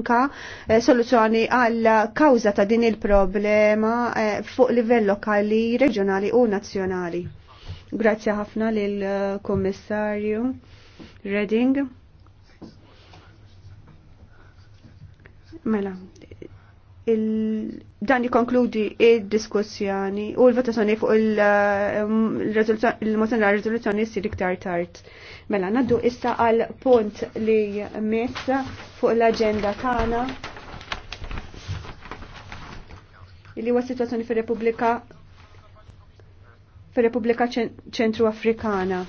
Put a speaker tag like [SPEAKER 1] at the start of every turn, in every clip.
[SPEAKER 1] anka eh, soluzzjoni għal kawza ta' din il-problema eh, fuq livell lokali, reġjonali u nazzjonali. Grazzi ħafna lil eh, kommissarju Reding. Mela, dan jikonkludi id-diskussjoni u l-votazzjoni fuq um, il-mozzjoni għal rezoluzzjoni jsir iktar tard. Mela, naddu issa għal punt li mess fuq l-agenda tagħna li huwa situazzjoni fir-Repubblika fir-Repubblika Ċentru Afrikana.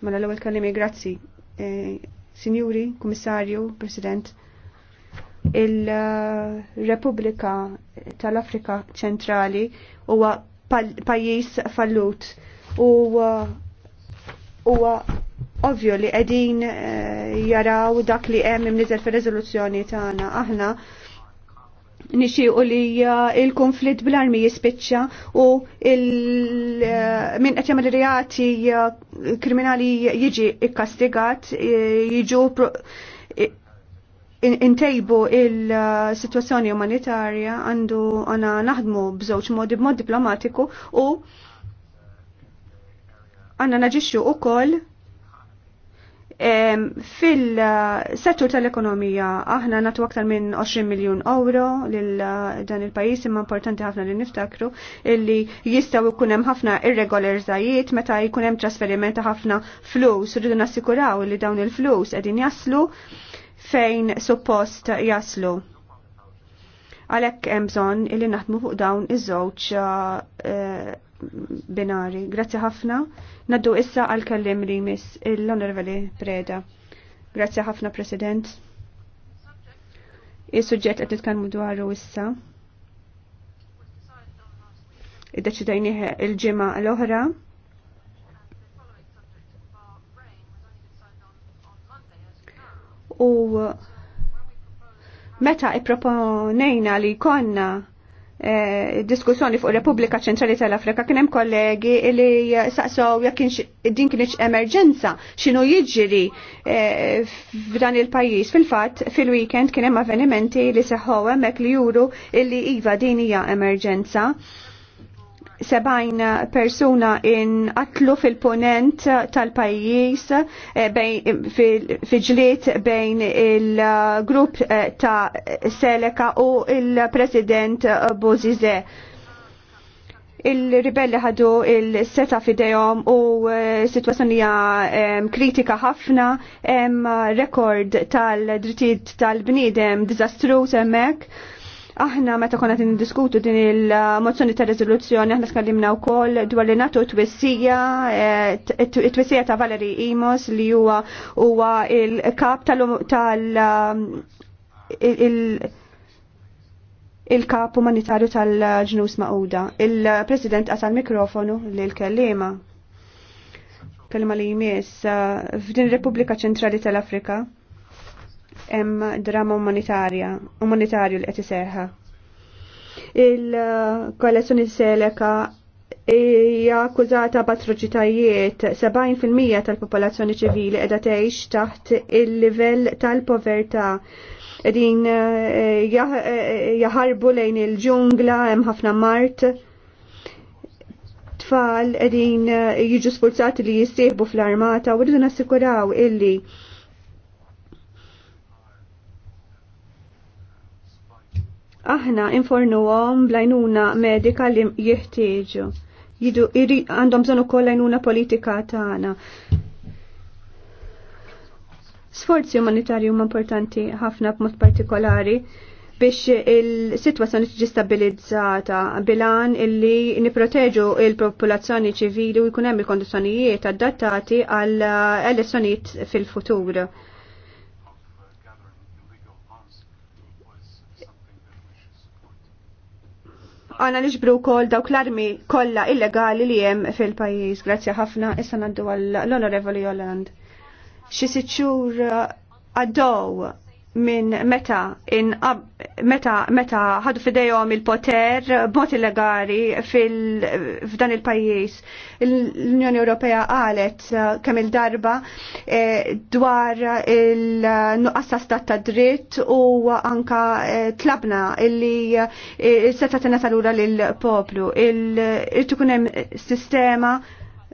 [SPEAKER 1] Mela l-ewwel kalimi grazzi. Eh, Sinjuri, Kummissarju, President il-Repubblika tal-Afrika ċentrali huwa pajjiż fallut u uh, huwa ovvju li qegħdin uh, jaraw dak li hemm imniżel fir-riżoluzzjoni tagħna aħna nixiqu li uh, il-konflitt bl-armi jispiċċa u minn qed jagħmel reati kriminali jiġi ikkastigat jiġu intejbu il-situazzjoni umanitarja għandu għana naħdmu bżewġ modi b-mod diplomatiku u għanna naġixxu u koll fil-settur tal-ekonomija aħna natu aktar minn 20 miljon euro lil dan il-pajis imma importanti ħafna li niftakru illi jistaw ikunem ħafna irregolarzajiet meta jkunem trasferiment ta' ħafna flus rridu nassikuraw li dawn il-flus qegħdin jaslu fejn suppost jaslu. Għalhekk hemm bżonn illi naħdmu fuq dawn iż-żewġ uh, binari. Grazzi ħafna. Naddu issa għal kellim li miss l-Onorevoli Preda. Grazzi ħafna President. Is-suġġett qed nitkellmu dwaru issa id-deċidajniħ il-ġimma l-oħra u meta ipproponejna li konna eh, diskussjoni fuq Repubblika Ċentrali tal-Afrika kien hemm kollegi li saqsow jekk din kienx emerġenza x'inhu jiġri eh, f'dan il-pajjiż. Fil-fatt fil-weekend kien hemm avvenimenti li seħħu hemmhekk li juru illi iva din hija emerġenza sebajn persuna inqatlu fil-ponent tal-pajjiż eh, ġliet bejn il-grupp eh, ta' Seleka u il-President Bozize. Il-ribelli ħadu il-seta fidejhom u eh, situazzjonija kritika ħafna, hemm rekord tal-drittijiet tal-bniedem diżastruż hemmhekk Aħna meta konna din diskutu din il-mozzjoni ta' rezoluzzjoni, aħna u wkoll dwar li t-wessija, eh, t twissija ta' Valeri Imos li huwa huwa il-kap tal- il-kap umanitarju tal-ġnus Mauda. Il-president qasal mikrofonu l kellima. Kellima li jmiss eh, f'din Repubblika Ċentrali tal-Afrika hemm drama umanitarja, umanitarju li qed iserħa. Il-kollezzjoni seleka hija akkużata b'atroċitajiet 70% tal-popolazzjoni ċivili qiegħda tgħix taħt il-livell tal-povertà din eh, eh, jaħarbu lejn il-ġungla hemm ħafna mart tfal qegħdin eh, jiġu sfurzati li jissieħbu fl-armata u rridu nassikuraw illi aħna infornuhom blajnuna medika li jeħtieġu. Jidu għandhom bżonn ukoll lajnuna politika tagħna. Sforzi umanitarji huma importanti ħafna b'mod partikolari biex il-sitwazzjoni tiġi stabilizzata bilan illi niproteġu il-popolazzjoni ċivili u jkun hemm il-kondizzjonijiet adattati għal elezzjonijiet fil-futur. għana nġbru kol dawk l-armi kolla illegali li jem fil-pajis. Grazie ħafna, issa għal għall-Onorevoli Holland. Xi sitxur uh, għaddow minn meta in meta meta ħadu fidejhom il-poter b'mod illegali fil f'dan il-pajjiż. L-Unjoni Ewropea qalet eh, kemm il-darba eh, dwar il-nuqqas stat ta' dritt u anka eh, tlabna illi seta' tingħata lura lill-poplu. Il-tkun hemm sistema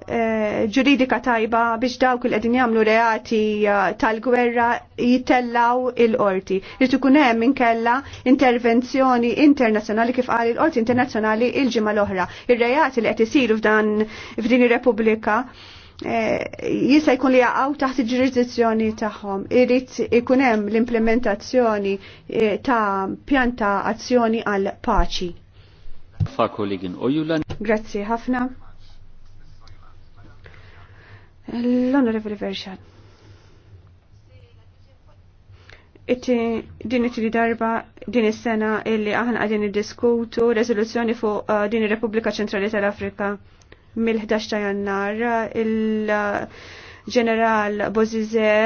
[SPEAKER 1] Eh, ġuridika tajba biex dawk il qegħdin jagħmlu reati eh, tal-gwerra jitellaw il-qorti. Irid ikun hemm inkella intervenzjoni internazzjonali kif qal il-qorti internazzjonali il-ġimgħa l-oħra. Ir-reati li qed isiru f'dan f'din ir-Repubblika eh, jista' jkun li jaqgħu taħt il-ġurisdizzjoni tagħhom. Irid ikun hemm l-implementazzjoni ta' pjanta azzjoni għal paċi. Grazzi ħafna. L-Onorevoli Verxan. din it-tri darba din is-sena illi aħna qegħdin niddiskutu reżoluzzjoni fuq uh, din ir-Repubblika Ċentrali tal-Afrika mill-11 ta' Jannar il-ġeneral uh, Bozize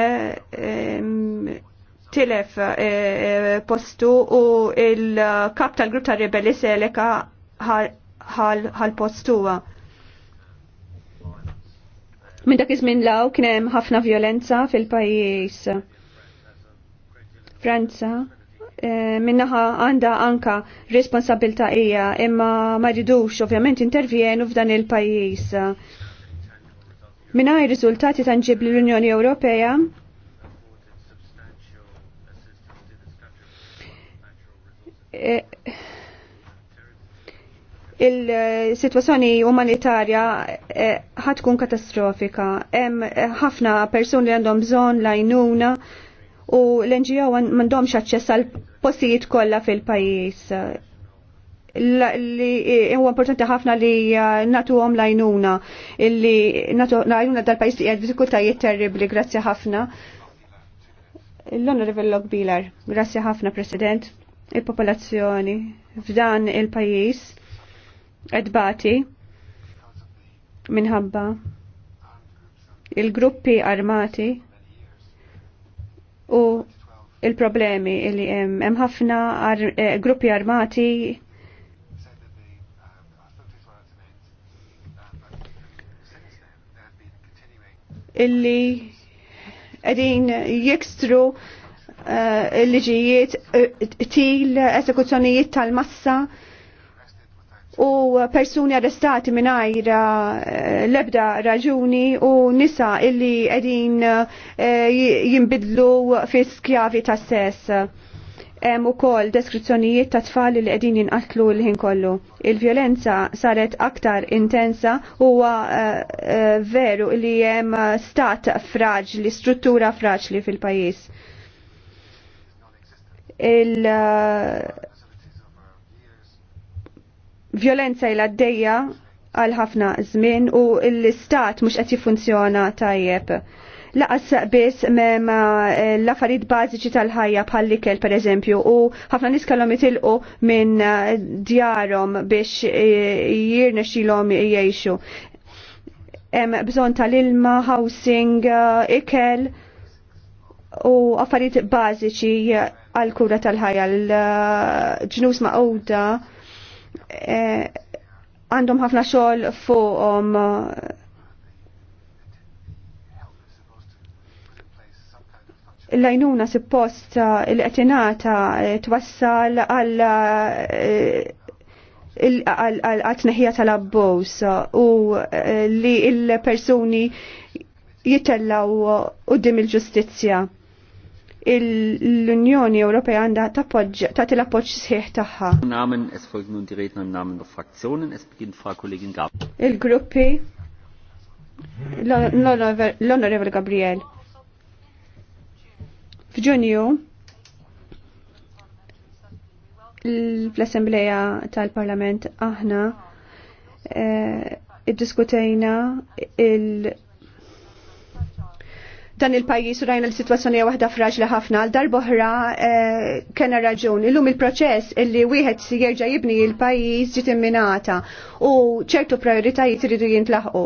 [SPEAKER 1] um, tilef uh, postu u il-kap tal-grupp tal-rebelli Seleka ħal postuwa Minn dak iż-żmien law kien hemm ħafna violenza fil-pajjiż. Franza eh, minnaħa għanda anka responsabilta hija imma ma ridux ovvjament intervjenu f'dan il-pajjiż. Mingħajr riżultati tanġib l-Unjoni Ewropea e, il-situazzjoni umanitarja eh, ħatkun eh, katastrofika. Hemm eh, ħafna persuni li għandhom bżonn lajnuna u l-NGO m'għandhomx aċċess għal postijiet kollha fil-pajjiż. Li eh, huwa importanti ħafna li natu għom lajnuna, illi natu lajnuna dal-pajis li diffikultajiet terribli, grazzi ħafna. L-Honorable Logbilar, grazzi ħafna, President, il-popolazzjoni f'dan il-pajis edbati minħabba il-gruppi armati u il-problemi li hemm ħafna ar eh, gruppi armati illi qegħdin jekstru uh, eh, liġijiet eh, til esekuzzjonijiet tal-massa u persuni arrestati mingħajr eh, l-ebda raġuni u nisa illi qegħdin eh, jinbidlu fi skjavi ta' sess hemm ukoll deskrizzjonijiet ta' tfal li qegħdin jinqatlu l-ħin kollu. Il-vjolenza saret aktar intensa huwa eh, veru li hemm stat fraġli, struttura fraġli fil-pajjiż. Il- violenza il għaddejja għal ħafna żmien u l-istat mhux qed jiffunzjona tajjeb. Laqas biss mem eh, l-affarijiet bażiċi tal-ħajja bħal ikel pereżempju u ħafna nies kellhom itilqu minn eh, djarhom biex eh, jirnexxilhom jgħixu. Hemm bżonn tal-ilma, housing, ikel u affarijiet bażiċi għal kura tal-ħajja l-ġnus ma' Eh, għandhom ħafna xogħol fuqhom l-lajnuna suppost l qetinata eh, twassal għal eh, għal-tneħija tal-abbos u li il-persuni jitellaw u dim il-ġustizja l-Unjoni Ewropea għandha tagħti l-appoġġ sħiħ tagħha. Namen es folgen im Namen der Fraktionen, es beginnt Frau Kollegin Gab. Il-gruppi l-Onorevole Gabriel. F'Ġunju l-Assembleja tal-Parlament aħna eh, iddiskutejna il- dan il-pajis u rajna l-situazzjoni waħda fraġla ħafna għal darboħra eh, kena raġun. Illum il-proċess illi wieħed si jerġa' jibni il-pajis ġiet imminata u ċertu prioritajiet iridu jintlaħu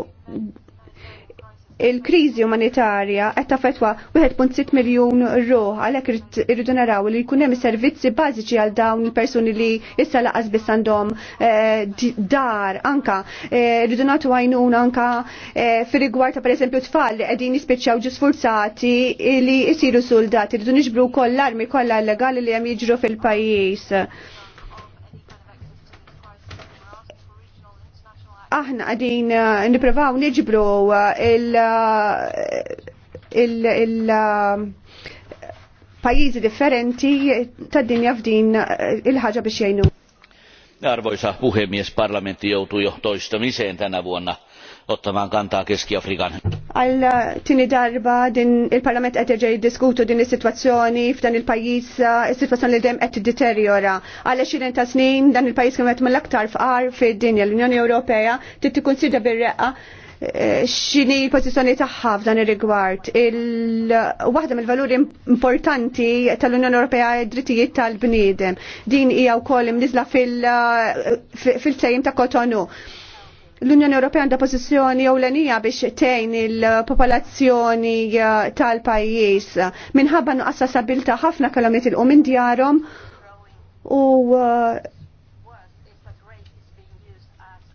[SPEAKER 1] il-kriżi umanitarja qed tafetwa 1.6 miljun ruħ għalhekk irridu naraw li jkun hemm servizzi bażiċi għal dawn il-persuni li issa laqas biss għandhom eh, dar anka irridu eh, nagħtu għajnuna anka eh, fir-rigward ta' pereżempju tfal li qegħdin jispiċċaw ġisfurzati li jsiru soldati irridu niġbru koll armi kollha illegali li hemm jiġru fil-pajjiż aħna għadin eh, niprovaw neġbru eh, eh, il- il- il- pajizi differenti ta' dinja f'din il-ħaġa biex jgħinu. Arvoisa puhemies, parlamentti joutuu
[SPEAKER 2] ta' tänä vuonna ottamaan kantaa Keski-Afrikan.
[SPEAKER 1] Għal uh, tini darba din il-Parlament qed jerġa' jiddiskutu din is-sitwazzjoni f'dan il-pajjiż uh, is-sitwazzjoni li dejjem qed deteriora. Għal 20 ta' snin dan il-pajjiż kien qed mill-aktar fqar fid-dinja l-Unjoni Ewropea trid tikkunsidra bir-reqqa eh, xini pozizjoni taħħa f'dan ir-rigward. Waħda mill-valuri importanti tal-Unjoni Ewropea id-drittijiet tal-bniedem. Din hija wkoll imniżla fil-tejjim uh, ta' Kotonu l-Unjoni Ewropea għandha pożizzjoni ewlenija biex tgħin il-popolazzjoni eh, tal-pajjiż minħabba nuqqas sabilta ħafna kellhom jitilqu minn djarhom u eh,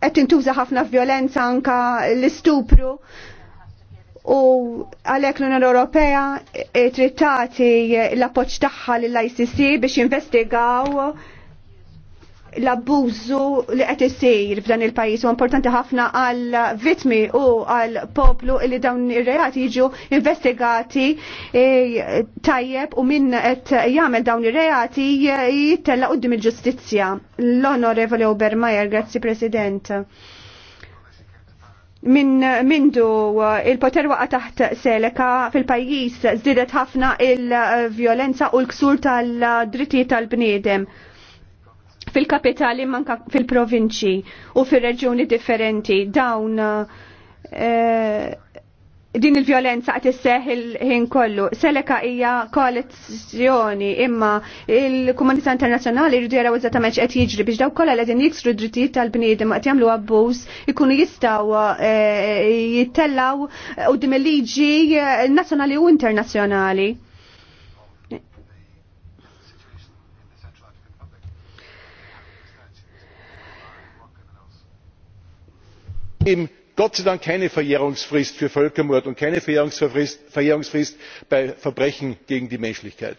[SPEAKER 1] qed tintuża ħafna violenza anka l-istupru u għalhekk l-Unjoni Ewropea eh, trid tagħti l-appoġġ tagħha lill-ICC biex jinvestigaw l-abbużu li qed isir f'dan il-pajjiż u importanti ħafna għal vitmi u għal poplu li dawn ir-reati jiġu investigati e, tajjeb u min qed jagħmel dawn ir-reati jittella qudiem il-ġustizzja. L-Onorevoli Obermajer, grazzi President. Min mindu il-poter waqa taħt seleka fil-pajjiż żdiedet ħafna il-vjolenza u l-ksur tal-drittijiet tal-bniedem. tal dritti tal drittijiet tal bniedem fil-kapitali manka fil-provinċi u fil-reġjuni differenti dawn eh, din il-violenza għat isseħ il-ħin kollu. Seleka hija koalizjoni imma il-komunità internazzjonali jridu jaraw eżattament qed jiġri biex daw kollha qegħdin jiksru drittijiet tal-bniedem għat jamlu abbuż ikunu jistgħu eh, jittellaw u il-liġi eh, nazzjonali u internazzjonali. eben gott sei dank keine verjährungsfrist für völkermord und keine verjährungsfrist bei verbrechen gegen die menschlichkeit.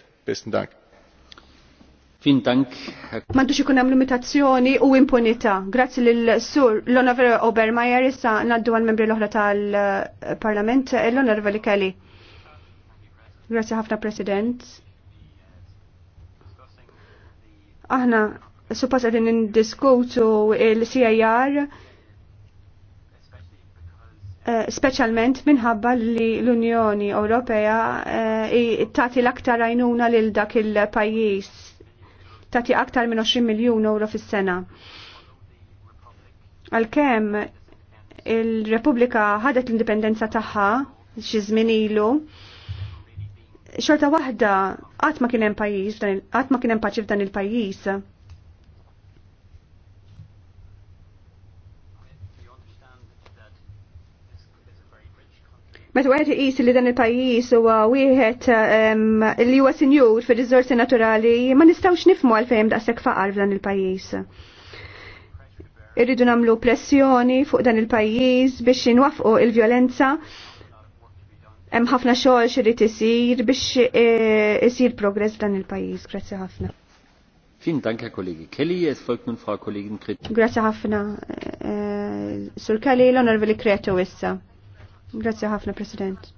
[SPEAKER 1] M'għandux ikun hemm limitazzjoni u impunità. Grazzi lil sur l-Onorevole Obermeyer issa ngħaddu għal membri l-oħra tal-Parlament l-Onorevoli Kelly. Grazzi ħafna President. Aħna suppost qegħdin indiskutu l-CIR Eh, specialment minħabba li l-Unjoni Ewropea eh, tagħti l-aktar għajnuna lil dak il pajis Tagħti aktar minn 20 miljun euro fis-sena. Għalkemm il-Repubblika ħadet l-indipendenza tagħha xi żmien ilu, xorta waħda għatma kien hemm pajjiż, qatt kien hemm paċi f'dan il-pajjiż Meta wieħed iqis li dan il-pajjiż huwa wieħed li huwa sinjur fir-riżorsi naturali ma nistgħux nifhmu għalfejn daqshekk faqar f'dan il-pajjiż. Irridu nagħmlu pressjoni fuq dan il-pajjiż biex inwafqu il-vjolenza hemm ħafna xogħol xirrid isir biex e, isir progress f'dan il-pajjiż. Grazzi ħafna. Vielen Dank, Herr Kollege Kelly. Es folgt nun Frau Kollegin Kretu. Grazie ħafna. E, Sur Kelly, l-onorveli Kretu issa. Grazzi ħafna, President.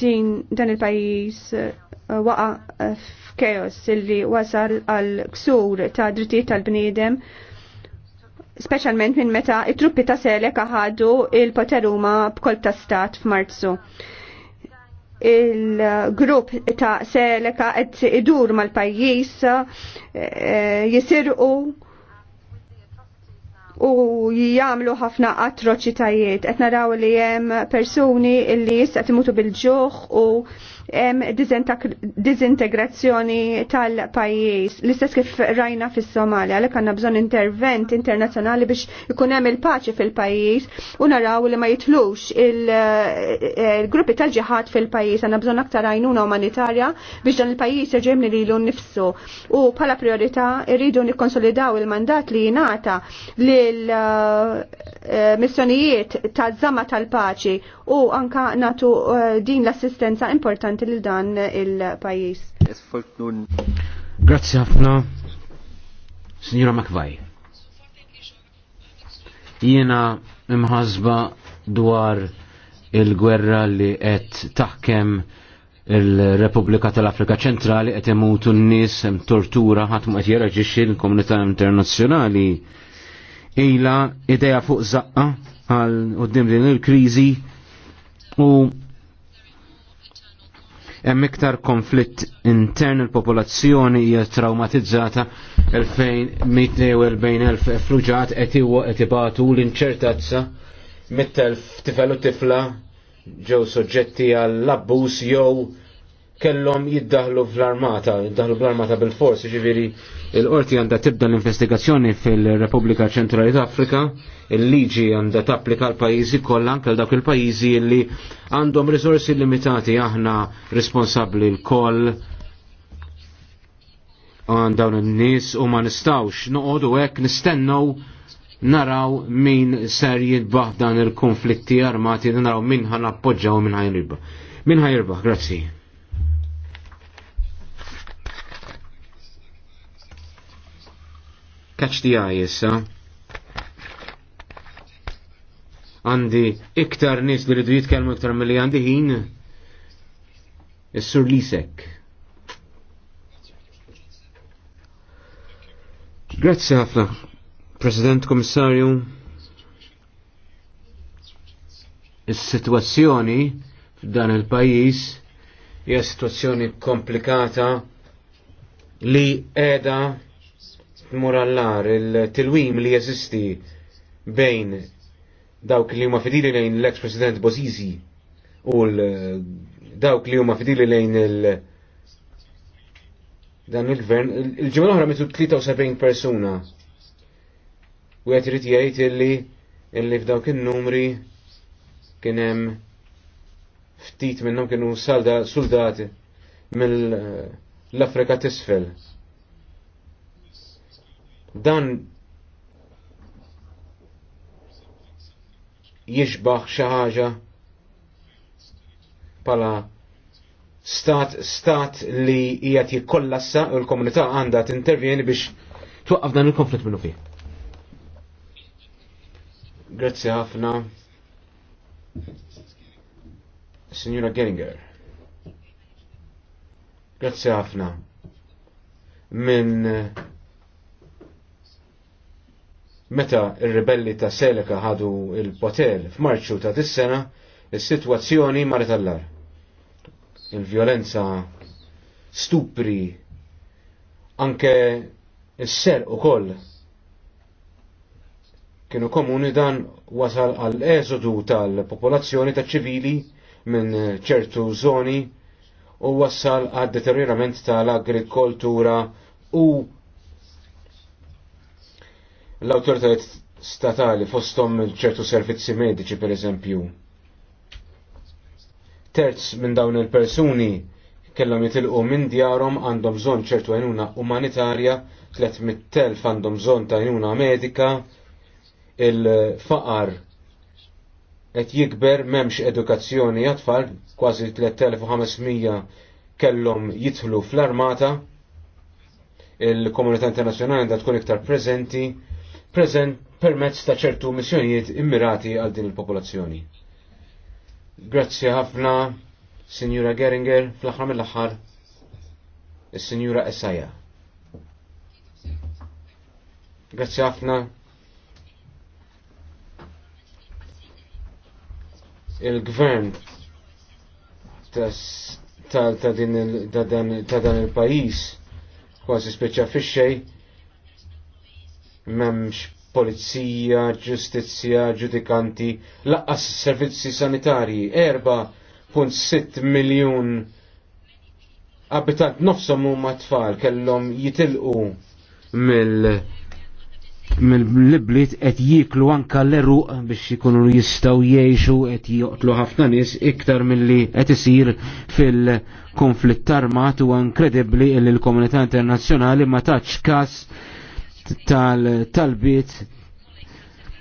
[SPEAKER 1] Din dan il-pajis uh, waqa uh, f'keos illi wasal għal ksur ta' drittijiet tal-bniedem specialment minn meta it-truppi ta' sele ħadu il-poteruma b'kolb ta' stat f'Marzu il-grupp ta' seleka qed idur mal-pajjiż eh, jisirqu u jgħamlu ħafna atroċitajiet. Qed naraw li hemm persuni li jista' timutu bil-ġuħ u dizintegrazzjoni tal-pajis. L-istess kif rajna fis somalia għalek għanna bżon intervent internazzjonali biex ikun hemm il-paċi fil-pajis u naraw li ma jitlux il-gruppi eh, eh, tal-ġihad fil-pajis għanna bżon aktar għajnuna umanitarja biex dan il-pajis jirġemni li l nifsu. U pala priorità irridu nikkonsolidaw il-mandat li jinata l eh, missjonijiet ta' zama tal-paċi u anka natu din l-assistenza importanti importanti li dan il-pajis.
[SPEAKER 2] Grazzi ħafna, Signora Makvaj. Jiena imħazba dwar il-gwerra li qed taħkem il-Repubblika tal-Afrika ċentrali qed imutu n-nies hemm tortura ħadd ma qed jeraġixxi l-komunità internazzjonali ilha idea fuq zaqqa għal qudiem din il-kriżi u hemm iktar konflitt intern il-popolazzjoni hija traumatizzata 242,000 effluġat qed qed ibatu l-inċertazza mit-telf tifel u tifla ġew soġġetti għall-abbuż jew kellhom jiddaħlu fl-armata, jiddaħlu fl-armata bil-fors, ġiviri l-qorti għandha tibda l-investigazzjoni fil-Repubblika Ċentrali d'Afrika, il-liġi għandha tapplika l-pajjiżi kollha anke dak il-pajjiżi li għandhom risorsi limitati aħna responsabbli l-koll għan dawn in-nies u ma nistawx noqogħdu hekk nistennu naraw min ser jidbaħ dan il-konflitti armati, naraw min ħan appoġġa u min ħajribba. Min ħajribba, grazzi. Kaċ di issa. Għandi iktar nis li rridu jitkellmu iktar mill-li għandi ħin. Is-sur Lisek. Grazzi ħafna, President Komissarju. Is-sitwazzjoni f'dan il-pajjiż hija sitwazzjoni komplikata li qiegħda tmur il-tilwim li jeżisti bejn dawk li huma fidili lejn l-ex President Bozizi u dawk li huma fidili lejn il- dan il-gvern, il-ġimgħa l-oħra mitu 73 persuna. U qed irid jgħid illi illi f'dawk in-numri kien hemm ftit minnhom kienu salda soldati mill-Afrika t'isfel. Dan jixbaħ xaħġa pala stat stat li jgħat jikkollassa u l-komunità għandha intervjeni biex tuqqaf dan il-konflitt minnu fih. Grazzi ħafna. Signora Geringer. Grazzi ħafna. Minn Meta ir-ribelli ta' Seleka ħadu il-poter f'Marċu ta' dis-sena, is-sitwazzjoni marret allar. Il-vjolenza, stupri, anke s ser ukoll kienu komuni dan wasal għal eżodu tal-popolazzjoni ta' ċivili minn ċertu zoni u wassal għad deterjorament tal-agrikoltura u l-autoritajiet statali fostom ċertu servizzi mediċi per eżempju. Terz minn dawn il-persuni kellhom jitilqu minn djarhom għandhom bżonn ċertu għajnuna umanitarja, 300.000 għandhom bżonn ta' għajnuna medika, il-faqar qed jikber m'hemmx edukazzjoni għat-tfal, kważi 3500 kellhom jidħlu fl-armata, il-komunità internazzjonali da tkun iktar preżenti, prezent permezz ta' ċertu missjonijiet immirati għal din il-popolazzjoni. Grazzi ħafna, Signora Geringer, fl-aħħar mill-aħħar, is-Sinjura Esaja. Grazzi ħafna. Il-gvern ta' dan il-pajis kważi speċa fix memx polizija, ġustizzja, ġudikanti, laqqas servizzi sanitarji, 4.6 miljon abitant nofsom huma tfal kellhom jitilqu mill mill-libliet qed jiklu anka l-eruq biex ikunu jistgħu jgħixu qed joqtlu ħafna nies iktar milli qed isir fil-konflitt armat u inkredibbli li l-komunità internazzjonali ma tatx każ tal-talbiet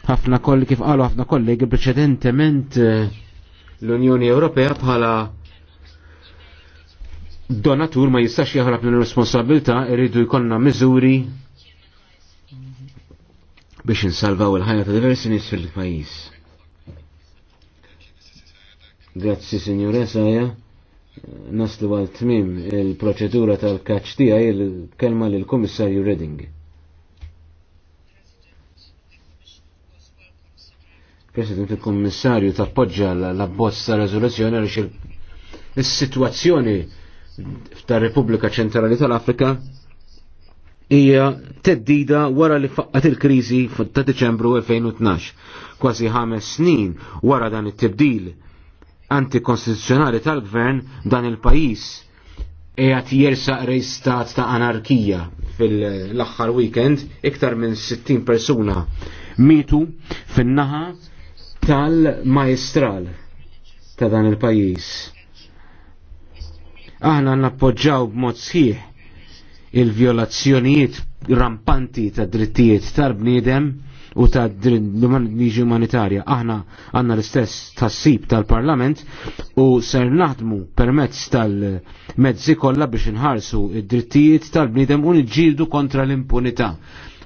[SPEAKER 2] ħafna kolli kif qalu ħafna kollegi preċedentement eh, l-Unjoni Ewropea bħala donatur ma jistax jaħrab minn responsabilta irridu jkollna miżuri biex insalvaw il-ħajja ta' diversi nies fil-pajjiż. Grazzi Signor Esaja, naslu għal tmim il-proċedura tal-kaċ tiegħi il-kelma lill-Kummissarju Reding. President il-Kommissarju tappoġġa l-abbozz ta' rezoluzzjoni għaliex is-sitwazzjoni tar-Repubblika Ċentrali tal-Afrika hija teddida wara li faqqat il-kriżi ta' Diċembru 2012. Kważi ħames snin wara dan it-tibdil antikonstituzzjonali tal-gvern dan il-pajis qiegħed jersaq rejstat ta' anarkija fil-aħħar weekend iktar minn 60 persuna mitu fin-naħa tal-majestral ta' dan il-pajis. Aħna nappoġġaw b'mod sħiħ il-violazzjonijiet rampanti ta' drittijiet tal-bniedem u ta' liġi umanitarja. Aħna għanna l-istess tassib tal-parlament u ser naħdmu permezz tal-mezzi kollha biex inħarsu id-drittijiet tal-bniedem u nġildu kontra l-impunità.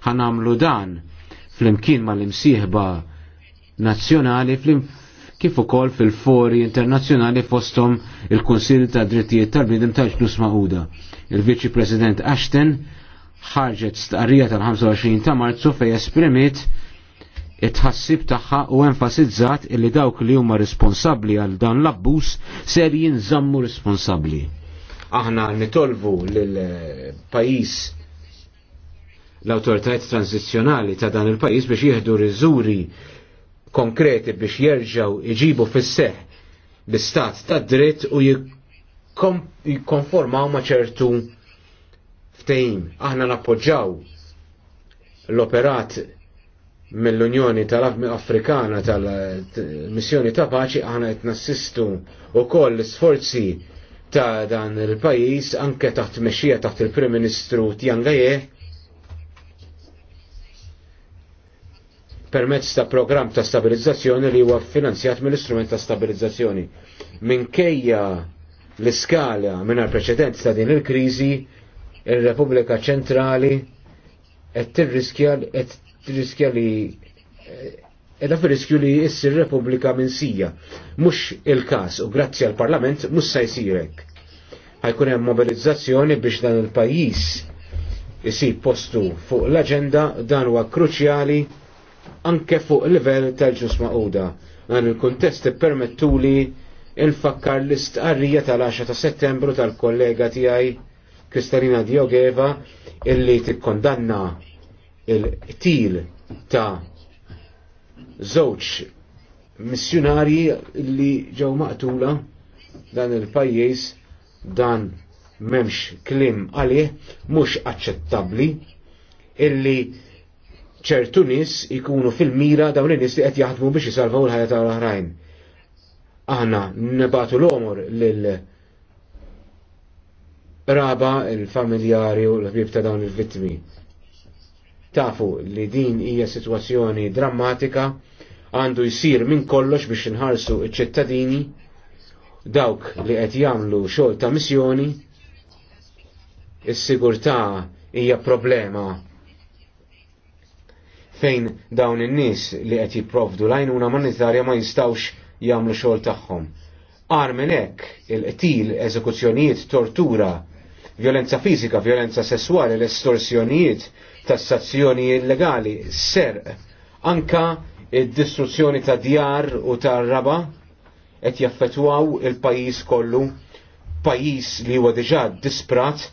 [SPEAKER 2] Ħanamlu dan fl-imkien mal-imsieħba nazzjonali kif ukoll fil-fori internazzjonali fostom il-Kunsil ta' Drittijiet tal-Bnidem tal-Ġnus Maħuda. Il-Viċi President Ashton ħarġet stqarrija tal-25 ta' Marzu fej esprimiet it-ħassib tagħha u enfasizzat illi dawk li huma responsabbli għal dan l-abbuż ser jinżammu responsabbli. Aħna nitolvu lil eh, pajjiż l awtoritajiet tranzizzjonali ta' dan il-pajjiż biex jieħdu riżuri konkreti biex jerġaw iġibu fisseħ seħ bistat ta' dritt u jikonformaw ma' ċertu ftehim. Aħna nappoġġaw l-operat mill-Unjoni tal-Afrikana tal-Missjoni ta' Paċi aħna qed nassistu wkoll l-sforzi ta' dan il-pajjiż anke taħt mexxija taħt il-Prim Ministru Tjangaje permezz ta' programm ta' stabilizzazzjoni li huwa finanzjat mill-istrument ta' stabilizzazzjoni. Minkejja l-iskala mingħajr preċedent ta' din il-kriżi, il-Repubblika Ċentrali qed tirriskja qed tirriskja li eh, edha fil-riskju li jissir Repubblika minn sija. Mux il-kas u grazzi għal-Parlament mux sa jisirek. Ħajkun hemm mobilizzazzjoni biex dan il-pajjiż isib postu fuq l-agenda dan huwa kruċjali anke fuq il-level tal-ġus maquda. Dan il-kontest permettuli il-fakkar l-istqarrija tal-10 ta' settembru tal-kollega tiegħi Kristalina Diogeva illi tikkondanna il-til ta' żewġ missjonari li ġew maqtula dan il-pajjiż dan memx klim għalih mhux aċċettabbli illi ċertu nis ikunu fil-mira dawn in-nies li qed jaħdmu biex jisalvaw il-ħajja tal oħrajn. Aħna nebatu l-omor lil raba il-familjari u l-ħbib ta' dawn il-vittmi. Tafu li din hija sitwazzjoni drammatika għandu jisir minn kollox biex inħarsu iċ-ċittadini dawk li qed jagħmlu xogħol ta' missjoni is-sigurtà hija problema fejn dawn in-nies li qed jipprovdu l-għajnuna nizzarja ma jistawx jagħmlu xogħol tagħhom. Armen minn hekk il-qtil, eżekuzzjonijiet, tortura, violenza fiżika, violenza sessuali, l-estorsjonijiet, tassazzjoni illegali, serq, anka id-distruzzjoni ta' djar u ta' raba qed jaffetwaw il-pajjiż kollu, pajjiż li huwa diġà disprat,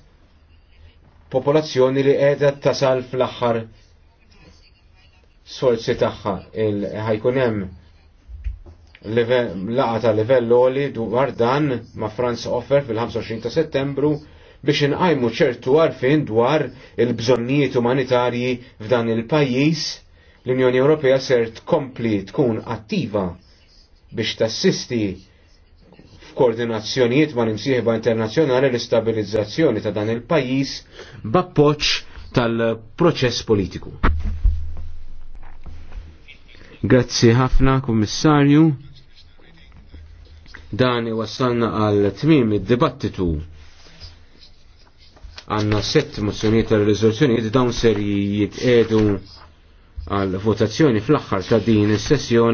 [SPEAKER 2] popolazzjoni li qiegħda tasal fl-aħħar sorsi tagħha ħajkun hemm laqa ta' livell oli dwar dan ma' Franz Offer fil-25 ta' settembru biex inqajmu ċertu għarfin dwar il-bżonnijiet umanitarji f'dan il-pajjiż l-Unjoni Ewropea ser tkompli tkun attiva biex tassisti f'koordinazzjonijiet ma' nimsieħba internazzjonali l-istabilizzazzjoni ta' dan il-pajjiż b'appoġġ tal-proċess politiku. Grazzi ħafna, Kummissarju. Dan wassalna għal tmim id-dibattitu għanna sett mozzjonijiet tal riżoluzzjonijiet dawn ser jitqedu għal votazzjoni fl-aħħar ta' din is-sessjoni